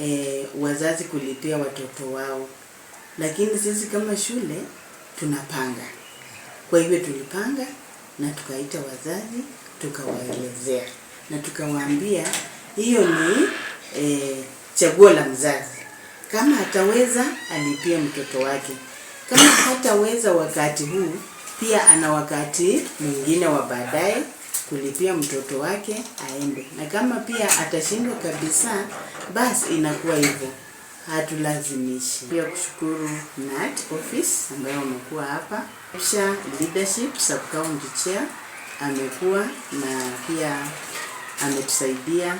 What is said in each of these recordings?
e, wazazi kulipia watoto wao, lakini sisi kama shule tunapanga. Kwa hivyo tulipanga na tukaita wazazi tukawaelezea na tukawaambia hiyo ni e, chaguo la mzazi. Kama ataweza alipie mtoto wake, kama hataweza wakati huu, pia ana wakati mwingine wa baadaye kulipia mtoto wake aende, na kama pia atashindwa kabisa, basi inakuwa hivyo, hatulazimishi. Pia kushukuru NAT office ambayo wamekuwa hapa, kisha leadership sub county chair amekuwa na pia ametusaidia,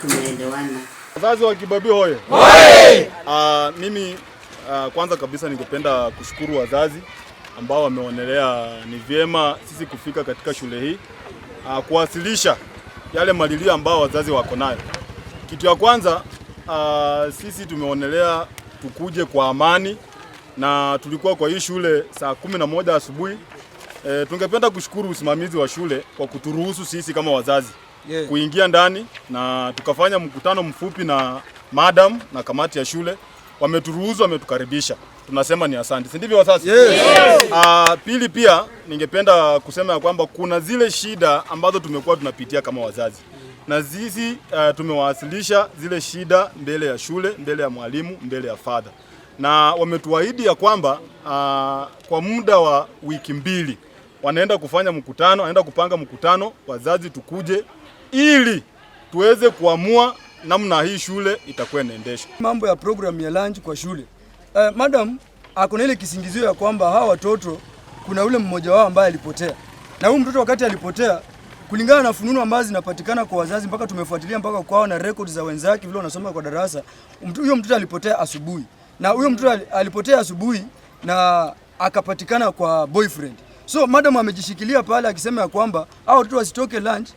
tumeelewana. Wazazi wa Kibabii hoye! Uh, mimi uh, kwanza kabisa ningependa kushukuru wazazi ambao wameonelea ni vyema sisi kufika katika shule hii uh, kuwasilisha yale malilio ambao wazazi wako nayo. Kitu ya kwanza uh, sisi tumeonelea tukuje kwa amani na tulikuwa kwa hii shule saa kumi na moja asubuhi. E, tungependa kushukuru usimamizi wa shule kwa kuturuhusu sisi kama wazazi yeah, kuingia ndani na tukafanya mkutano mfupi na madam na kamati ya shule, wameturuhusu, wametukaribisha tunasema ni asante, si ndivyo sasa? yes. yes. Uh, ah, pili pia ningependa kusema ya kwamba kuna zile shida ambazo tumekuwa tunapitia kama wazazi na sisi uh, tumewasilisha zile shida mbele ya shule, mbele ya mwalimu, mbele ya fadha, na wametuahidi ya kwamba uh, kwa muda wa wiki mbili wanaenda kufanya mkutano, wanaenda kupanga mkutano, wazazi tukuje ili tuweze kuamua namna hii shule itakuwa inaendeshwa. Mambo ya programu ya lunch kwa shule eh, madam akona ile kisingizio ya kwamba hawa watoto kuna ule mmoja wao ambaye alipotea, na huyu mtoto wakati alipotea, kulingana na fununu ambazo zinapatikana kwa wazazi, mpaka tumefuatilia mpaka kwao na records za wenzake vile wanasoma kwa darasa, huyo mtoto alipotea asubuhi, na huyo mtoto alipotea asubuhi na akapatikana kwa boyfriend. So madam amejishikilia pale akisema ya kwamba hao watoto wasitoke lunch